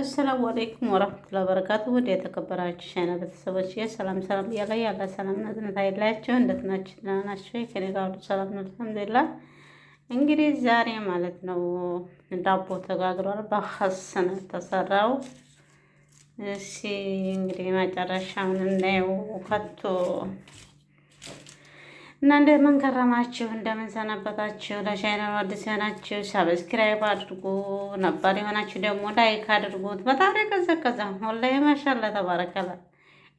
አሰላሙ አለይኩም ወራህመቱላሂ ወበረካቱ። ወደ የተከበራችሁ ቻና ቤተሰቦች ሰላም ሰላም እያለ ያለ ሰላም ነዝነት አይላችሁ። እንዴት ናችሁ? ደህና ናችሁ? ከኔ ጋር ሁሉ ሰላም ነው አልሐምዱሊላህ። እንግዲህ ዛሬ ማለት ነው ዳቦ ተጋግሯል። በኸስ ነው ተሰራው። እሺ እንግዲህ መጨረሻውን እንዳየው ከቶ እና እንደምን ከረማችሁ፣ እንደምን ሰነበታችሁ። ለቻናሉ አዲስ የሆናችሁ ሰብስክራይብ አድርጉ፣ ነባር የሆናችሁ ደግሞ ላይክ አድርጉት። በጣም ቀዘቀዘ። ወላሂ ማሻላ ተባረከላ።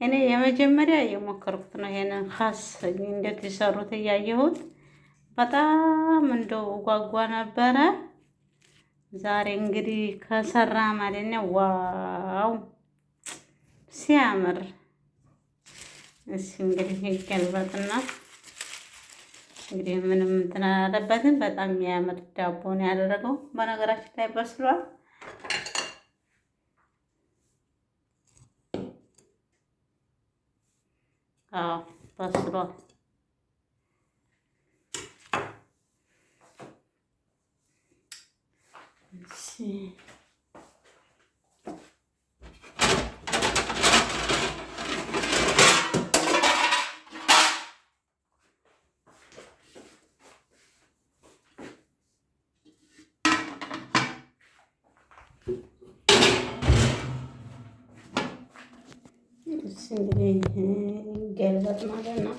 እኔ የመጀመሪያ የሞከርኩት ነው ይሄንን ኻስ እንዴት ሊሰሩት እያየሁት በጣም እንደው ጓጓ ነበረ። ዛሬ እንግዲህ ከሰራ ማለት ነው። ዋው ሲያምር! እሺ እንግዲህ ይገልበጥና እንግዲህ ምንም እንትን አለበትም። በጣም የሚያምር ዳቦ ነው ያደረገው። በነገራችን ላይ በስሏል። አዎ በስሏል። እሺ Şimdi నేను గెలవదు మాదన్నా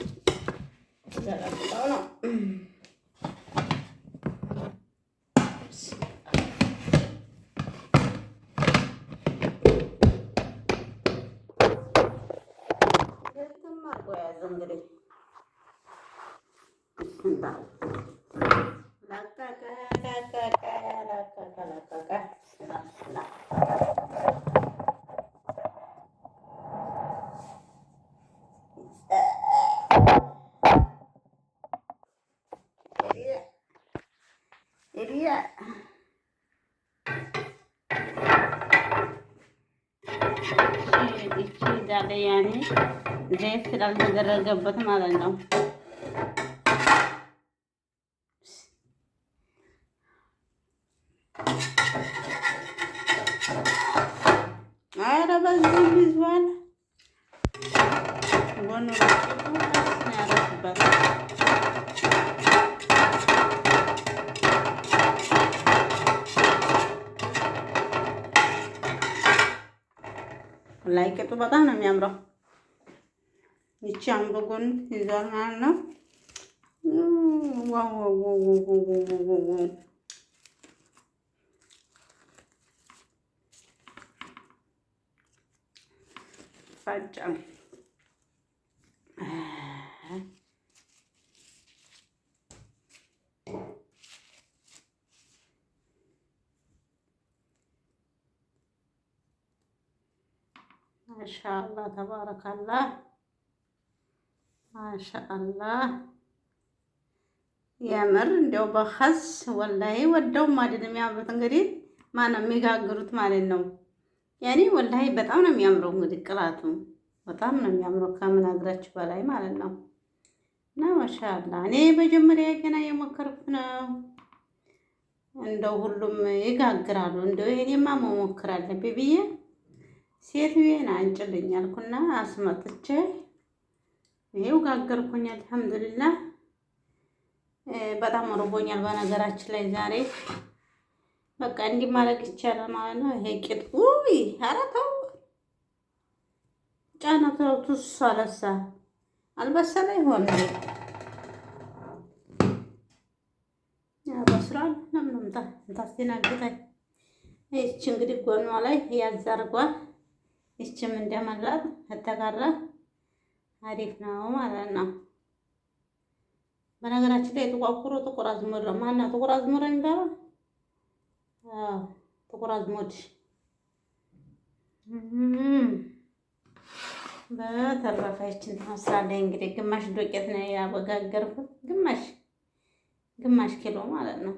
జరగదు Thank you. ዛለ ያኔ ዘይት ስላልተደረገበት ማለት ነው። ኧረ በዚህ ይዟል። ጎኑ ሮቄቱ ነው ያደረኩበት። ላይ ቅጡ በጣም ነው የሚያምረው። ይቺ አምቦ ይዟል ማለት ነው። ዋው ማሻአላ ተባረካላ ማሻአላ። የምር እንደው በኸስ ወላሂ ወደው ማድን ነው የሚያምሩት። እንግዲህ ማነው የሚጋግሩት ማለት ነው። ያኔ ወላሂ በጣም ነው የሚያምረው። እንግዲህ ቅላቱ በጣም ነው የሚያምረው ከምነግራችሁ በላይ ማለት ነው። እና ማሻአላ እኔ መጀመሪያ ገና የሞከርኩት ነው። እንደው ሁሉም ይጋግራሉ። እንደው ይሄንማ መሞክር አለብኝ ብዬ ሴትዮዬን አንጭልኝ አልኩና አስመጥቼ ይሄው ጋገርኩኝ። አልሐምዱሊላህ በጣም ርቦኛል። በነገራችን ላይ ዛሬ በቃ እንዲህ ማድረግ ይቻላል ማለት ነው። ይሄ ቂጥ ውይ፣ ኧረ ተው ጫና ተውቱስ አለሳ አልበሰለ ይሆን ያበስራል። ለምንም ታስቴናግታኝ እቺ እንግዲህ ጎኗ ላይ ያዛርጓል ይችም እንደመላት ከተጋራ አሪፍ ነው ማለት ነው። በነገራችን ላይ ጥቋቁሮ ጥቁር አዝሙድ ነው። ማነው ጥቁር አዝሙድ የሚባለው? አዎ ጥቁር አዝሙድ በተረፈችን ትመስላለች። እንግዲህ ግማሽ ዱቄት ነው ያበጋገርኩት፣ ግማሽ ግማሽ ኪሎ ማለት ነው።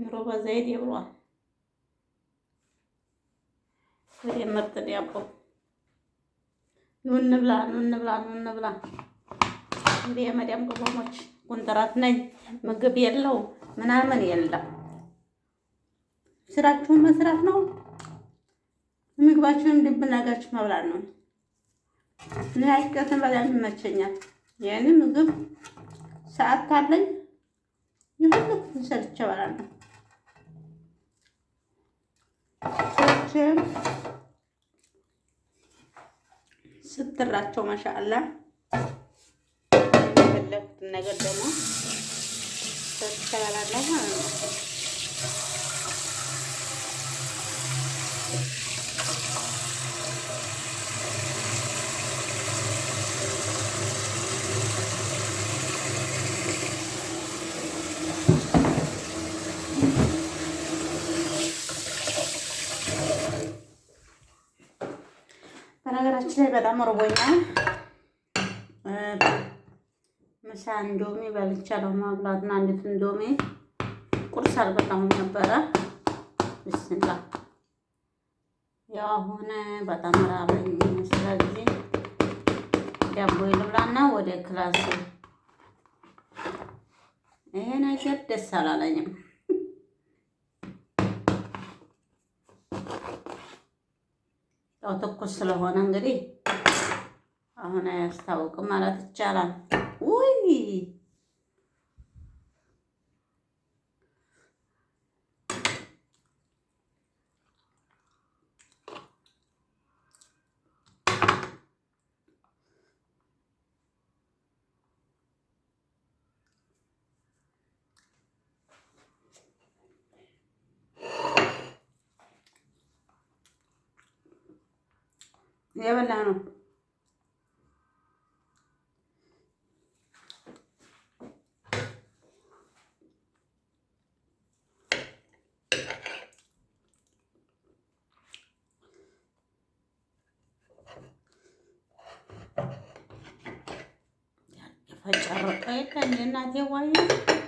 ኑሮ በዘይት ይብሏል። ይሄ ምርጥ ዳቦ ኑን ብላ ኑን ብላ ኑን ብላ። እንዴ የመዳም ቅመሞች ኮንትራት ነኝ፣ ምግብ የለው ምናምን የለም። ስራችሁን መስራት ነው፣ ምግባችሁን እንድብናጋችሁ መብላት ነው። ንያቀትን በጣም ይመቸኛል። የኔ ምግብ ሰዓት ካለኝ የፈለኩትን ሰርቼ እበላለሁ። ስትራቸው ማሻአላ የፈለኩትን ነገር ደግሞ ተስተላላለሁ ማለት ነው። በነገራችን ላይ በጣም ርቦኛል። ምሳ እንዶሜ በልቻለሁ መብላትና አንዲት እንዶሜ ቁርስ አልበላሁም ነበረ። ብስላ ያው አሁን በጣም ራበኝ። ስለዚህ ዳቦ ልብላና ወደ ክላስ። ይሄ ነገር ደስ አላለኝም። ያው ትኩስ ስለሆነ እንግዲህ አሁን አያስታውቅም ማለት ይቻላል። ውይ የበላ ነው። ፈጨረቀ የለም የእናቴ ዋዬ